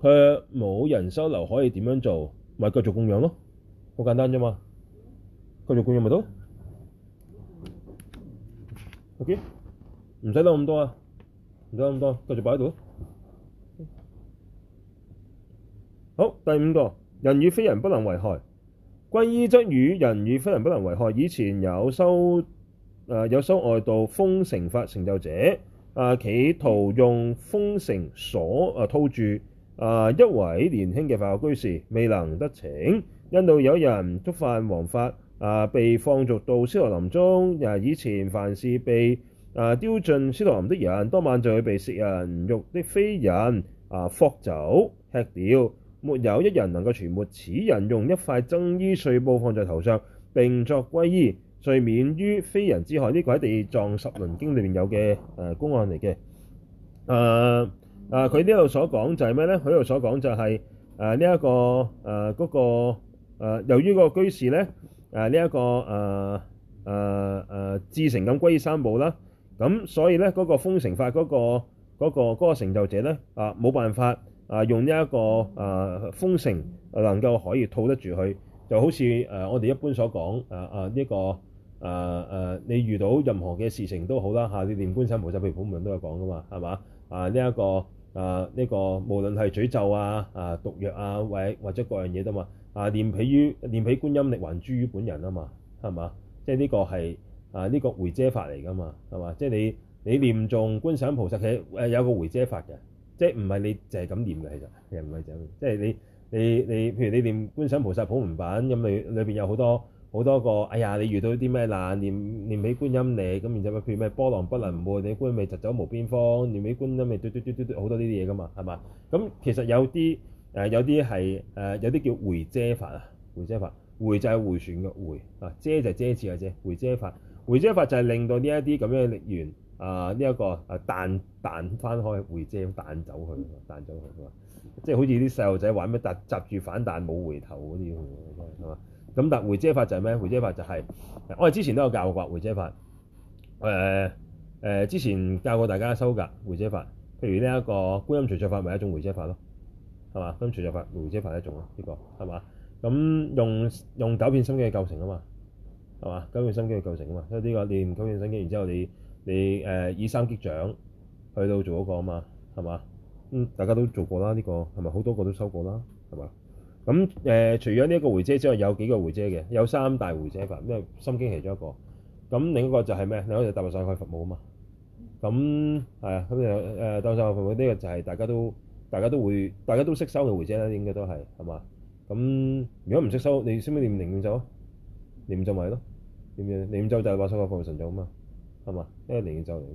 佢冇人收留，可以點樣做？咪、就是、繼續供養咯，好簡單啫嘛，繼續供養咪得咯。OK，唔使諗咁多啊，唔使諗咁多，繼續擺喺度咯。好，第五個。人與非人不能為害，關於則與人與非人不能為害。以前有修誒、呃、有修外道風繩法成就者，呃、企圖用風繩索誒套住、呃、一位年輕嘅佛教居士，未能得逞，印度有人觸犯王法、呃，被放逐到屍陀林中、呃。以前凡是被誒丟進屍陀林的人，當晚就會被食人肉的非人誒攫、呃、走吃掉。沒有一人能夠存活。此人用一塊僧衣碎布放在頭上，並作歸依，遂免於非人之害。呢、這個喺《地藏十輪經》裏面有嘅誒公案嚟嘅。誒、呃、誒，佢、呃呃、呢度所講就係咩咧？佢呢度所講就係誒呢一個誒嗰、呃這個誒、呃呃，由於嗰個居士咧誒呢一、呃這個誒誒誒，至誠咁歸依三寶啦，咁所以咧嗰、那個風繩法嗰、那個嗰、那個、那個那個那個成就者咧啊冇辦法。啊，用呢、這、一個啊風繩能夠可以套得住佢，就好似誒、啊、我哋一般所講，誒誒呢個誒誒你遇到任何嘅事情都好啦嚇、啊，你念觀世音菩薩，譬如普門都有講噶嘛，係嘛？啊呢一、這個啊呢、這個無論係詛咒啊、啊毒藥啊，或或者各樣嘢啫嘛。啊念彼於念彼觀音力還諸於本人啊嘛，係嘛？即係呢個係啊呢、這個回遮法嚟噶嘛，係嘛？即係你你念誦觀世音菩薩其實有個回遮法嘅。即係唔係你就係咁念嘅，其實其實唔係就即係你你你，譬如你念觀想菩薩普門品，咁，咪裏邊有好多好多個。哎呀，你遇到啲咩難，念念起觀音嚟，咁然之後，譬如咩波浪不能沒，你觀音咪疾走無邊方，念起觀音咪嘟嘟嘟嘟好多呢啲嘢噶嘛，係嘛？咁其實有啲誒有啲係誒有啲叫回遮法啊，回遮法回就係回旋嘅回啊，遮就係遮住嘅遮，回遮法。回遮法就係令到呢一啲咁樣嘅力源。啊！呢、這、一個啊彈彈翻開回遮，彈走去，彈走去佢即係好似啲細路仔玩咩？突閘住反彈冇回頭嗰啲咁嘅嘢，係嘛？咁但回遮法就係咩？回遮法就係、是、我哋之前都有教過回遮法。誒、呃、誒、呃，之前教過大家修噶回遮法，譬如呢一個觀音除障法咪一種回遮法咯，係嘛？觀音除障法回遮法一種咯，呢、這個係嘛？咁用用九遍心經去構成啊嘛，係嘛？九遍心經去構成啊嘛，因為呢個念九遍心經，然之後你。你誒、呃、以三擊掌去到做嗰個啊嘛，係嘛？嗯，大家都做過啦，呢、這個係咪好多個都收過啦？係嘛？咁誒、呃，除咗呢一個回遮之外，有幾個回遮嘅？有三大回遮吧，因為心經其中一個。咁另一個就係咩？你可以大白傘蓋佛母啊嘛。咁係啊，咁、呃、誒，大白傘蓋佛母呢個就係大家都大家都會大家都識收嘅回遮啦，應該都係係嘛？咁如果唔識收，你識唔識念零咒啊？念咒咪咯，點樣？念咒就係話收個佛母神咒啊嘛。係嘛？呢個寧願咒嚟嘅。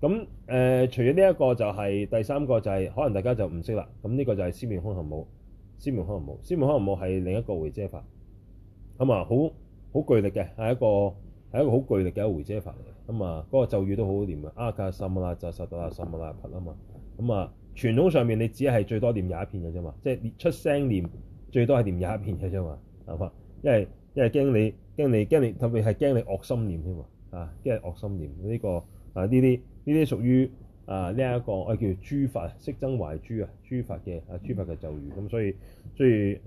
咁誒、呃，除咗呢一個、就是，就係第三個、就是，就係可能大家就唔識啦。咁呢個就係獅面空行母。獅面空行母，獅面空行母係另一個回遮法。咁啊，好好巨力嘅，係一個係一個好巨力嘅一個回遮法嚟嘅。咁啊，嗰、那個咒語都好好念啊，啊，加什嘛啦，就十到啊什嘛啦入佛啊嘛。咁啊，傳統上面你只係最多念廿一遍嘅啫嘛。即、就、係、是、出聲念最多係念廿一遍嘅啫嘛。阿因為因為驚你驚你驚你，特別係驚你惡心念嘛。添喎。啊！即係惡心念呢，呢個啊，呢啲呢啲屬於啊呢一,一個誒、啊、叫誅法息增懷誅啊，誅法嘅啊誅法嘅咒語咁，所以所以誒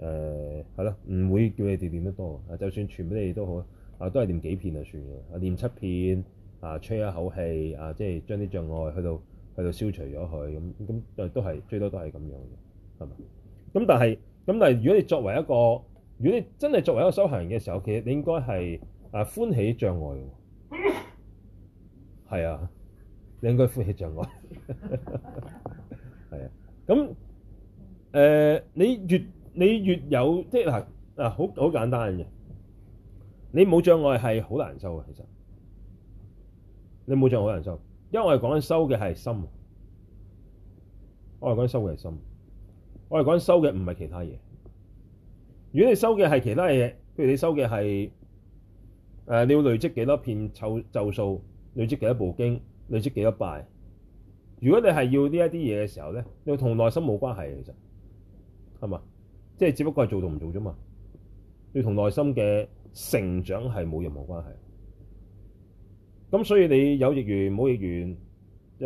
係咯，唔、呃、會叫你哋念得多啊。就算傳俾你哋都好啊，都係念幾片就算嘅啊，念七片啊，吹一口氣啊，即係將啲障礙去到去到消除咗佢咁，咁都係最多都係咁樣嘅係咪？咁但係咁但係如果你作為一個如果你真係作為一個修行人嘅時候，其實你應該係啊歡喜障礙係啊，你應該呼氣障礙，係啊。咁誒，你越你越有，即係嗱嗱，好好簡單嘅。你冇障礙係好難修嘅，其實你冇障礙好難修，因為我哋講緊修嘅係心，我哋講緊修嘅係心，我哋講緊修嘅唔係其他嘢。如果你修嘅係其他嘢，譬如你修嘅係。誒，你要累積幾多片咒咒數，累積幾多部經，累積幾多拜。如果你係要呢一啲嘢嘅時候咧，你要同內心冇關係，其實係嘛？即係只不過係做同唔做啫嘛。要同內心嘅成長係冇任何關係。咁所以你有逆緣冇逆緣，誒誒、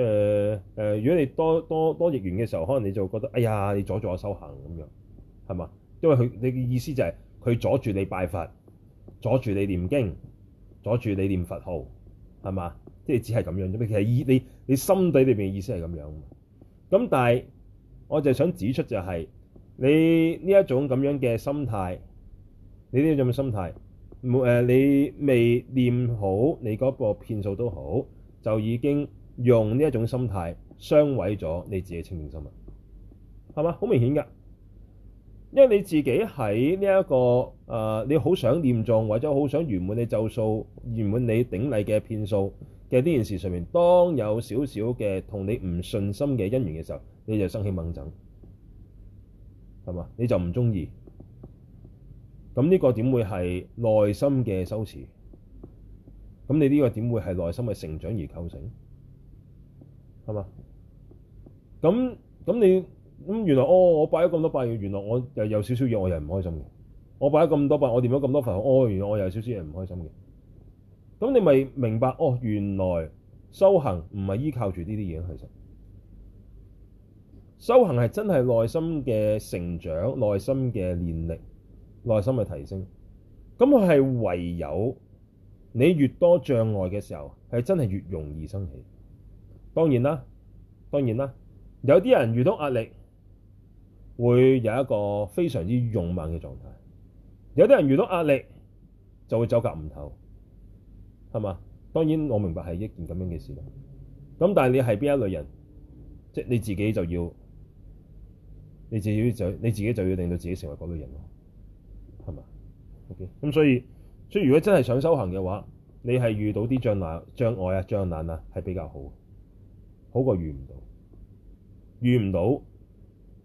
呃呃，如果你多多多逆緣嘅時候，可能你就覺得哎呀，你阻住我修行咁樣係嘛？因為佢你嘅意思就係、是、佢阻住你拜佛，阻住你念經。阻住你念佛號，係嘛？即係只係咁樣啫。其實意你你，你心底裏邊嘅意思係咁樣。咁但係我就想指出就係、是、你呢一種咁樣嘅心態，你呢一種嘅心態，誒，你未念好你嗰個遍數都好，就已經用呢一種心態傷毀咗你自己清淨心物，係嘛？好明顯㗎。因為你自己喺呢一個誒、呃，你好想念誦，或者好想圓滿你咒數、圓滿你頂禮嘅遍數嘅呢件事上面，當有少少嘅同你唔信心嘅因緣嘅時候，你就生起猛憎，係嘛？你就唔中意。咁呢個點會係內心嘅修持？咁你呢個點會係內心嘅成長而構成？係嘛？咁咁你？咁原來哦，我拜咗咁多拜，原來我又有少少嘢，我又唔開心嘅。我拜咗咁多拜，我掂咗咁多份，哦，原來我又有少少嘢唔開心嘅。咁你咪明白哦？原來修行唔係依靠住呢啲嘢，其實修行係真係內心嘅成長，內心嘅練力，內心嘅提升。咁佢係唯有你越多障礙嘅時候，係真係越容易生起，當然啦，當然啦，有啲人遇到壓力。會有一個非常之勇猛嘅狀態，有啲人遇到壓力就會走夾唔唞，係嘛？當然我明白係一件咁樣嘅事啦。咁但係你係邊一類人，即係你自己就要，你自己就你自己就要令到自己成為嗰類人咯，係嘛？OK，咁所以，所以如果真係想修行嘅話，你係遇到啲障礙、障礙啊、障難啊，係比較好，好過遇唔到，遇唔到。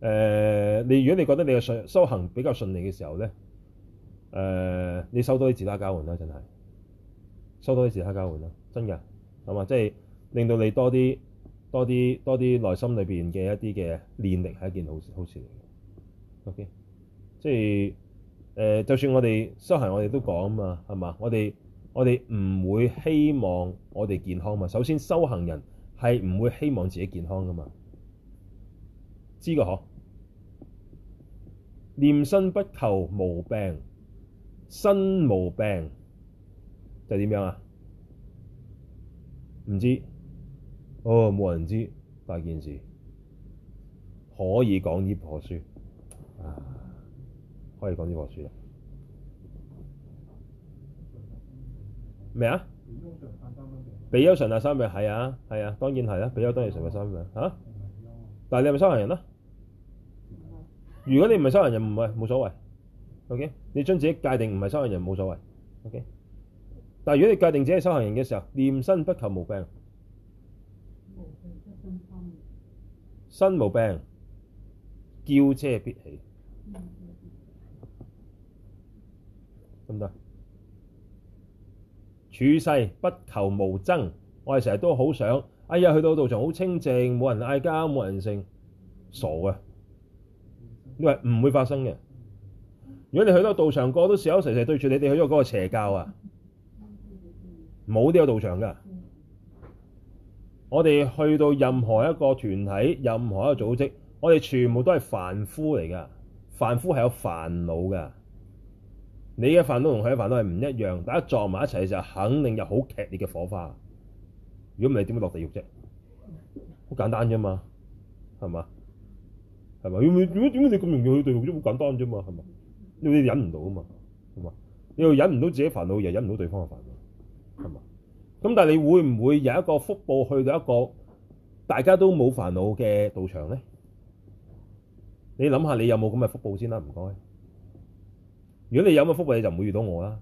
誒、呃，你如果你覺得你嘅信修行比較順利嘅時候咧，誒、呃，你收多啲自他交換啦，真係收多啲自他交換啦，真嘅，係嘛？即係令到你多啲、多啲、多啲內心裏邊嘅一啲嘅念力係一件好事，好事嚟嘅。O.K.，即係誒，就算我哋修行我們，我哋都講啊嘛，係嘛？我哋我哋唔會希望我哋健康嘛。首先，修行人係唔會希望自己健康噶嘛，知個嗬？念身不求無病，身無病就點樣啊？唔知道，哦，冇人知，大件事可以講呢部書，啊，可以講呢部書啦。咩啊？比丘神啊，三命，係啊，係啊，當然係啦，啊，比丘，啊啊，當然神啊，三命吓，啊。但係你係咪修行人啊？如果你唔係修行人，唔係冇所謂。O.K.，你將自己界定唔係修行人冇所謂。O.K.，但係如果你界定自己係修行人嘅時候，念身不求無病，身無病，驕奢必起，得唔得？處世不求無爭，我哋成日都好想，哎呀，去到道場好清淨，冇人嗌交，冇人性，傻噶～因為唔會發生嘅。如果你去到道場，個個都笑口噬噬對住你哋，去咗嗰個邪教啊，冇啲有道場噶。我哋去到任何一個團體、任何一個組織，我哋全部都係凡夫嚟噶。凡夫係有煩惱噶。你嘅煩惱同佢嘅煩惱係唔一樣。大家撞埋一齊嘅時候，肯定有好劇烈嘅火花。如果唔係點會落地獄啫？好簡單噶嘛，係嘛？係嘛？要唔要？點解？你咁容易去對付啫？好簡單啫嘛，係嘛？因為你忍唔到啊嘛，係嘛？你又忍唔到自己煩惱，又忍唔到對方嘅煩惱，係嘛？咁但係你會唔會有一個福報去到一個大家都冇煩惱嘅道場咧？你諗下，你有冇咁嘅福報先啦，啊？唔該。如果你有咁嘅福報，你就唔會遇到我啦。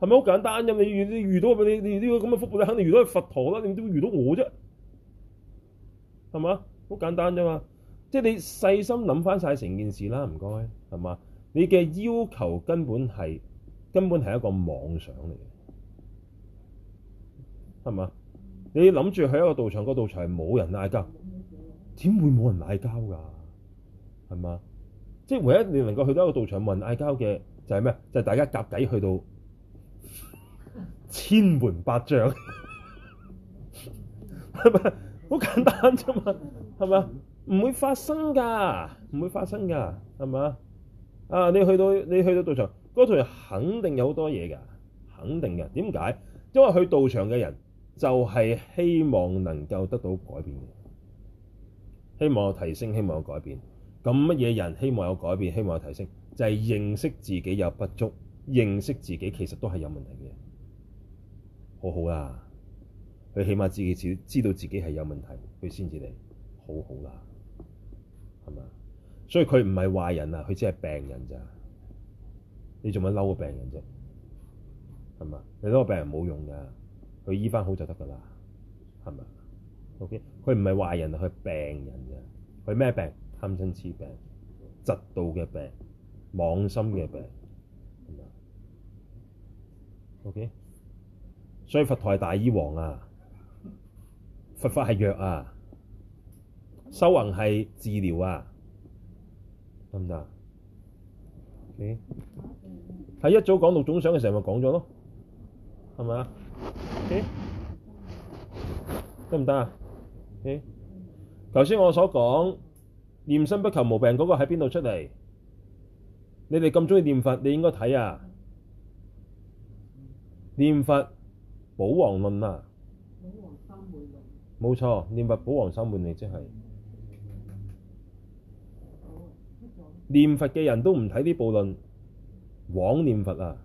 係咪好簡單啫？你遇你遇到你你呢個咁嘅福報你肯定遇到佛陀啦，你點會遇到我啫？係嘛？好簡單啫嘛～即係你細心諗翻晒成件事啦，唔該，係嘛？你嘅要求根本係根本係一個妄想嚟嘅，係嘛？你諗住去一個道場，嗰道場冇人嗌交，點會冇人嗌交㗎？係嘛？即係唯一你能夠去到一個道場冇人嗌交嘅，就係咩？就係大家夾底去到千門百仗，係咪好簡單啫嘛？係咪啊？唔會發生噶，唔會發生噶，係嘛？啊！你去到你去到道場，嗰度肯定有好多嘢噶，肯定嘅。點解？因為去道場嘅人就係希望能夠得到改變嘅，希望有提升，希望有改變。咁乜嘢人希望有改變、希望有提升？就係、是、認識自己有不足，認識自己其實都係有問題嘅。好好啦，佢起碼自己知知道自己係有問題，佢先至嚟好好啦。係嘛？所以佢唔係壞人啊，佢只係病人咋？你做乜嬲個病人啫？係嘛？你嬲個病人冇用噶，佢醫翻好就得噶啦，係嘛？O K，佢唔係壞人啊，佢係病人咋？佢咩病？貪嗔痴病、嫉妒嘅病、妄心嘅病。係嘛？O K，所以佛陀係大醫王啊，佛法係藥啊。修魂係治療啊，得唔得？誒、okay. 嗯，喺一早講六種想嘅時候咪講咗咯，係咪啊？誒、okay. 嗯，得唔得啊？誒、okay. 嗯，頭先我所講念心不求無病嗰個喺邊度出嚟？你哋咁中意念佛，你應該睇啊！念佛寶王論啊！寶王三昧論。冇錯，念佛寶王三昧論，即係。念佛嘅人都唔睇呢部論，枉念佛啊，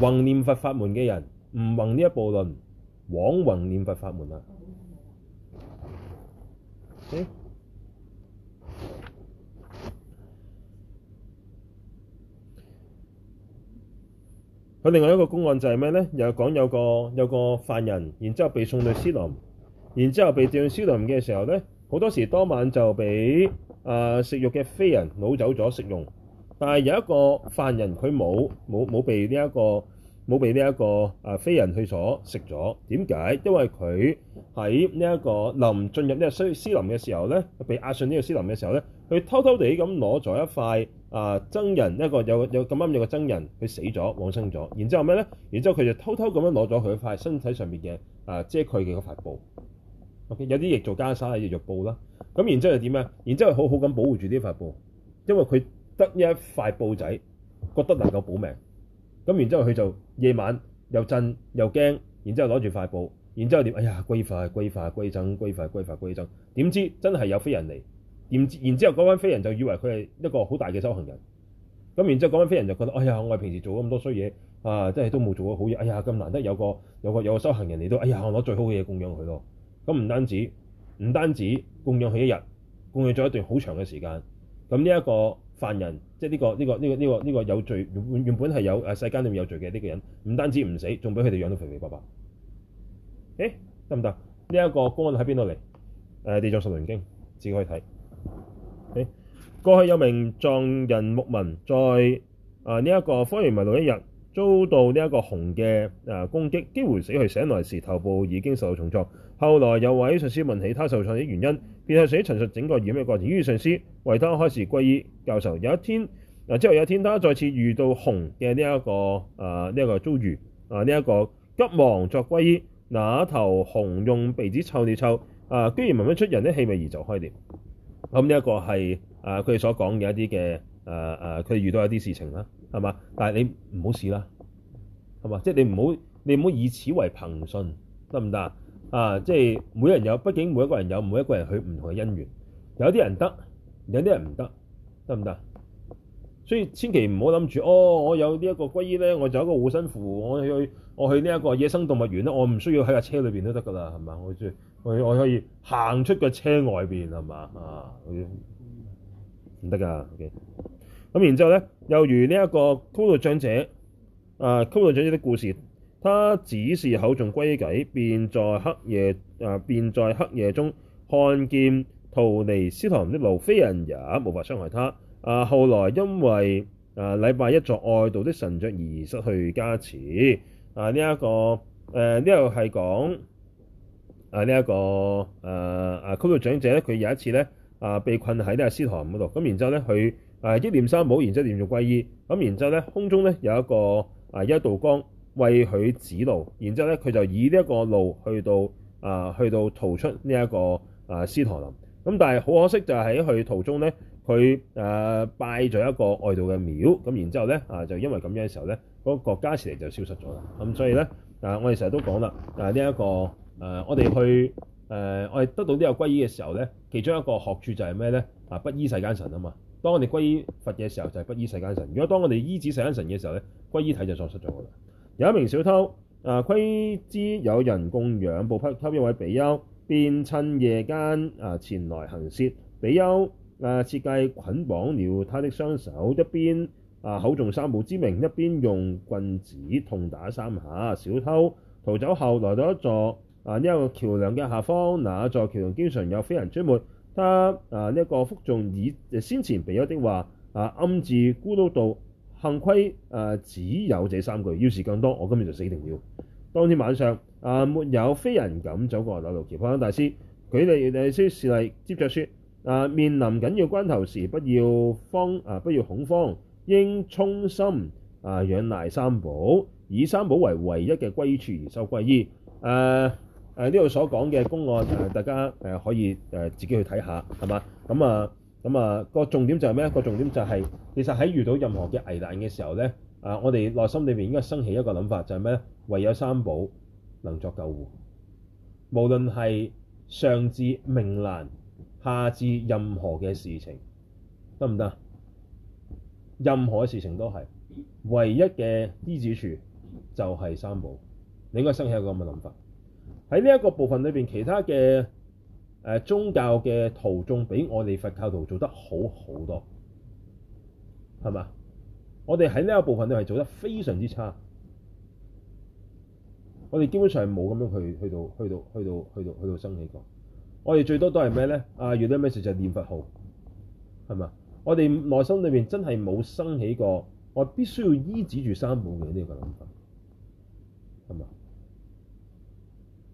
弘念佛法門嘅人唔弘呢一部論，枉弘念佛法門啊。佢，欸、另外一個公案就係咩呢？又講有個有個犯人，然之後被送去尸林，然之後被調去尸林嘅時候呢。好多時當晚就俾啊、呃、食肉嘅非人攞走咗食用，但係有一個犯人佢冇冇冇被呢、這、一個冇被呢、這、一、個呃、非人去所食咗，點解？因為佢喺呢一個臨進入呢個尸陀林嘅時候咧，被押上呢個尸陀林嘅時候咧，佢偷偷地咁攞咗一塊啊僧、呃、人一個有有咁啱有，有個僧人佢死咗往生咗，然之後咩咧？然之後佢就偷偷咁樣攞咗佢塊身體上面嘅啊、呃、遮蓋嘅嗰塊布。Okay, 有啲亦做袈裟，亦做布啦。咁然之後點呀？然之後,然後好好咁保護住呢塊布，因為佢得呢一塊布仔，覺得能夠保命。咁然之後佢就夜晚又震又驚，然之後攞住塊布，然之後點？哎呀，規化規化規震規化規化規震，點知真係有飛人嚟？然然之後嗰班飛人就以為佢係一個好大嘅修行人。咁然之後嗰班飛人就覺得：哎呀，我平時做咁多衰嘢啊，即係都冇做過好嘢。哎呀，咁難得有個有個有個修行人嚟到，哎呀，我攞最好嘅嘢供養佢咯。咁唔單止，唔單止供養佢一日，供養咗一段好長嘅時間。咁呢一個犯人，即係、這、呢個呢、這個呢、這個呢、這個呢、這個、有罪原本係有誒世間裏面有罪嘅呢、這個人，唔單止唔死，仲俾佢哋養到肥肥白白。咦，得唔得？呢、這、一個公案喺邊度嚟？《地藏十輪經》自己可以睇。誒過去有名藏人牧民在，在啊呢一個荒原迷路一日，遭到呢一個熊嘅、呃、攻擊，幾乎死去。醒來時頭部已經受到重創。後來有位上師問起他受創的原因，便係寫陳述整個染嘅過程。於是上師為他開示皈依教授。有，有一天嗱，之後有一天，他再次遇到熊嘅呢一個誒呢一個遭遇啊，呢、呃、一、這個急忙作皈依，那頭熊用鼻子嗅，你嗅啊、呃，居然聞得出人呢氣味而就開裂。咁、嗯、呢、這個呃、一個係誒佢哋所講嘅一啲嘅誒誒，佢、呃呃、遇到一啲事情啦，係嘛？但係你唔好試啦，係嘛？即係你唔好你唔好以此為憑信，得唔得？啊，即係每人有，畢竟每一個人有，每一個人去唔同嘅姻緣，有啲人得，有啲人唔得，得唔得？所以千祈唔好諗住，哦，我有呢一個皈依咧，我就有一個護身符，我去，我去呢一個野生動物園咧，我唔需要喺架車裏邊都得噶啦，係嘛？我即係，我我可以行出個車外邊，係嘛？啊，唔得噶，咁、okay 啊、然之後咧，又如呢一個給孤獨長者，啊，給孤獨長者的故事。他只是口中歸偈，便在黑夜啊！便在黑夜中看見圖尼斯堂的路，非人也無法傷害他。啊！後來因為啊禮拜一作外道的神像而失去加持啊！呢、這、一個誒呢、啊這個係講啊呢一、這個誒誒，啊、給孤獨長者咧，佢有一次咧啊被困喺呢斯堂嗰度，咁然之後咧佢誒一念三寶，然之後念咗歸依，咁然之後咧空中咧有一個啊一道光。為佢指路，然之後咧，佢就以呢一個路去到啊、呃，去到逃出呢、這、一個啊、呃、尸陀林。咁但係好可惜就係喺去途中咧，佢誒、呃、拜咗一個外道嘅廟。咁然之後咧啊，就因為咁樣嘅時候咧，嗰、那個加持力嚟就消失咗啦。咁、嗯、所以咧啊，我哋成日都講啦，啊呢一、這個誒、啊，我哋去誒、啊，我哋得到呢個皈依嘅時候咧，其中一個學處就係咩咧？啊不依世間神啊嘛。當我哋皈依佛嘅時候就係、是、不依世間神。如果當我哋依止世間神嘅時候咧，皈依體就喪失咗㗎啦。有一名小偷啊，窺知有人供養布匹給一位比丘，便趁夜間啊前來行竊。比丘啊設計捆綁了他的雙手，一邊啊口中三寶之名，一邊用棍子痛打三下。小偷逃走後，來到一座啊呢、這個橋梁嘅下方。嗱，那座橋梁經常有非人出沒。他啊呢、這個覆誦以先前比丘的話啊暗自咕嚕道。幸虧誒只有這三句，要是更多，我今日就死定了。當天晚上啊，沒有非人敢走過人流路。帕繃喀大師舉例啲事例，接着説：啊，面臨緊要關頭時，不要慌啊，不要恐慌，應衷心啊，仰賴三寶，以三寶為唯一嘅皈處而修皈依。誒、啊、誒，呢、啊、度、啊、所講嘅公案，誒、啊、大家誒、啊、可以誒、啊、自己去睇下，係嘛？咁啊。咁啊，個重點就係咩？個重點就係，其實喺遇到任何嘅危難嘅時候呢，啊，我哋內心裏面應該生起一個諗法，就係咩？唯有三寶能作救護，無論係上至命難，下至任何嘅事情，得唔得？任何嘅事情都係唯一嘅依止處，就係三寶。你應該生起一個咁嘅諗法。喺呢一個部分裏面，其他嘅。誒宗教嘅徒眾比我哋佛教徒做得好好多，係嘛？我哋喺呢一部分都係做得非常之差，我哋基本上冇咁樣去去到去到去到去到去到去到去到生起過，我哋最多都係咩咧？啊，遇到咩事就係念佛號，係嘛？我哋內心裏面真係冇生起過，我必須要依止住三寶嘅呢個諗法，係嘛？